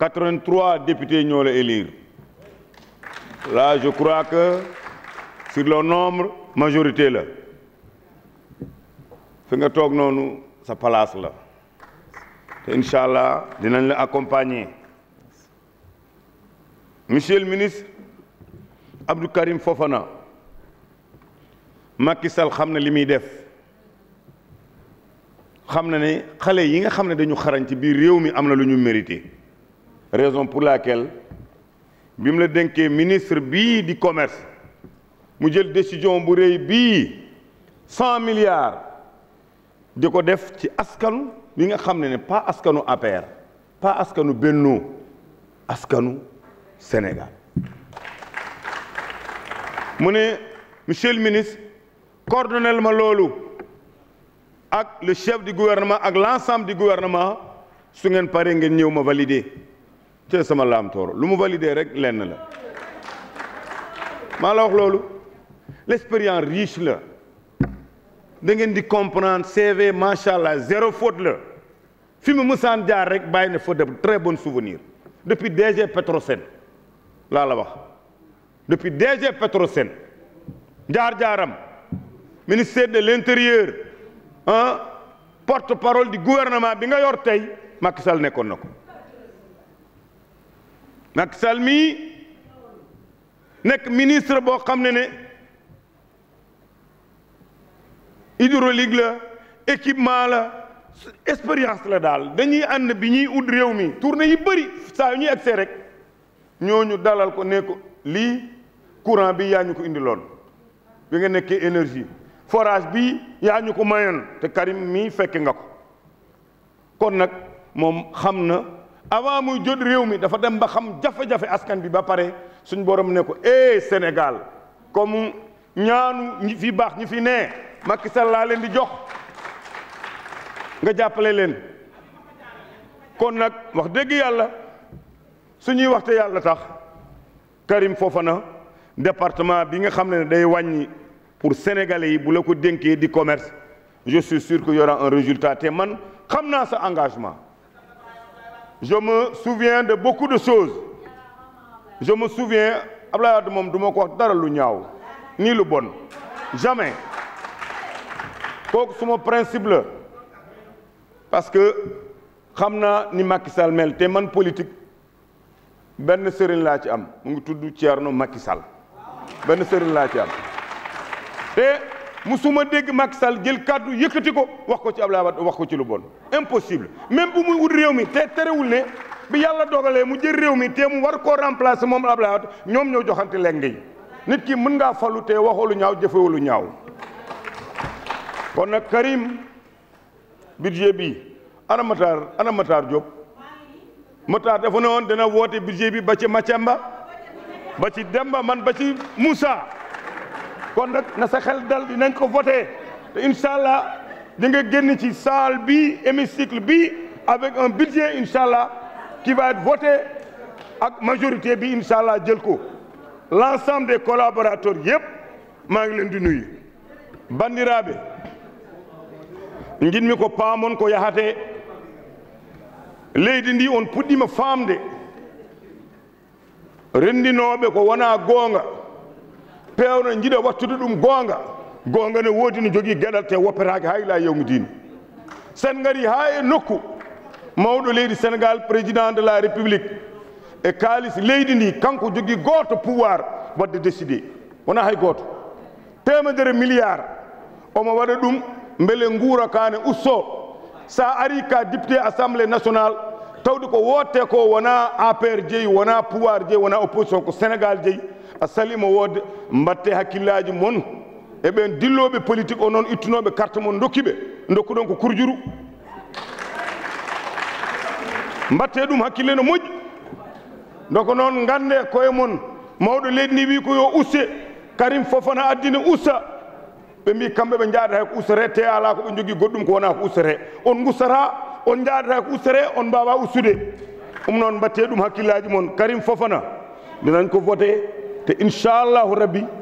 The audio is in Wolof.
83 députés ñoo la élire là je crois que sur le nombre majorité la fi nga toog noonu sa place la te incha allah dinañ la accompagner monsieur le ministre Abdou Karim Fofana Macky Sall xam na li muy def xam na ne xale yi nga xam ne dañu xarañ ci biir réew mi am na lu ñu mérité raison pour laquelle bi mu la dénkee ministre bii di commerce mu jël décision bu rëy bii cent milliards di ko def ci askanu bi nga xam ne ne pas askanu APR pas askanu Benno askanu Sénégal mu ne monsieur ministre coordonnel ma loolu ak le chef du gouvernement ak l'ensemble du gouvernement su ngeen paree ngeen ñëw ma valider te sama laam tooro lu mu validé rek lenn la maa la wax loolu l'expérience riche la da ngeen di comprendre CV macha allah zéro faute la fi mu mësaan jaar rek bàyyi na fa de très bon souvenir depuis DG Petrosen laa la wax depuis DG Petrosen jaar-jaaram ministère de l'intérieur ah porte-parole du gouvernement bi nga yor tey Macky Sall nekkoon na ko. Macky Sall mii nekk ministre boo xam ne ne hydraulique la équipement la expérience la daal dañuy ànd bi ñuy ut réew mi tournée yi bëri saa yu ñuy agsee rek ñooñu dalal ko ne ko lii courant bi yaa ñu ko indiloon bi nga nekkee énergie forage bi yaa ñu ko mayoon te Karim mii fekke nga ko kon nag moom xam na avant muy jot réew mi dafa dem ba xam jafe-jafe askan bi ba pare suñ borom ne ko eh Sénégal comme ñaanu ñi fi baax ñi fi nee Macky Sall laa leen di jox nga jàppale leen kon nag wax dëgg yàlla suñuy waxte yàlla tax Karim Fofana département bi nga xam ne day wàññi pour sénégalais yi bu la ko dénkee di commerce je suis sûr que un résultat te man xam naa sa engagement je me de beaucoup de choses je me souviens Abdoulaye moom du ma ko wax dara lu ñaaw nii lu bon jamais kooku suma principe parce que xam na ni makisal Sall mel te man politique benn sëriñ laa ci am mu ngi tudd Thierno Macky Sall benn sëriñ laa ci am te musuma dégg Macky Sall jël kàddu yëkkati ko wax ko ci Abdoulaye Wade wax ko ci lu bon impossible même bu muy wut réew mi te terewul ne bi yàlla dogalee mu jël réew mi te mu war ko remplacer moom ab Wade ñoom ñoo joxanti leng nit ki mën ngaa falu te waxoo lu ñaaw jëfewu ñaaw kon nag Karim budget bi ana Matar ana Matar Diop Matar dafa ne woon dana woote budget bi ba ci Macemba ba ci Demba man ba ci Moussa kon nag na sa xel dal dinañ ko voté te incha allah di nga génn ci salle bi hémicycle bi avec un budget incha allah qui voté ak majorité bii incha allah jël ko l' ensemble des collaborateurs yëpp maa ngi leen di nuyu bandiraaɓe jinmi ko paamon ko yahate leydi ndi on puɗɗima faamde renndinooɓe ko wonaa goonga pewno jiiɗa wattude ɗum goonga goonga ne woodi no jogii geɗal te woppetaake haa ilaa yawmudin sen ngari haa e nokku mawɗo leydi sénégal président de la république e kaalis leydi ndi kanko jogii gooto pouvoir wadde décidé wonaa hay gooto temedere milliard omo waɗa ɗum mbele nguura kaane ustoo so a ka député assemblé national tawde ko wootte ko wonaa apr jeyi wonaa pouvoir jeyi wonaa opposition ko sénégal jeyi a salima woode mbatte hakkillaji moon eɓen dilloɓe politique o noon ittunoɓe carte moon dokkiɓe dokkuɗon ko kurjuru mbatte ɗum hakkille no moƴƴi doko noon gande koye moon mawɗo leydi ndi wi ko yo usse karim fofana addine usta ɓe mbi kamɓe ɓe jaadata ko ustere te ala ko ɓe jogui goɗɗum ko wona ko ustere on gustata on jaadata ko ustere on mbawa ustude ɗum noon mbatte ɗum hakkillaji moon karim fofana mbiɗan ko voté te incha allahu rabbi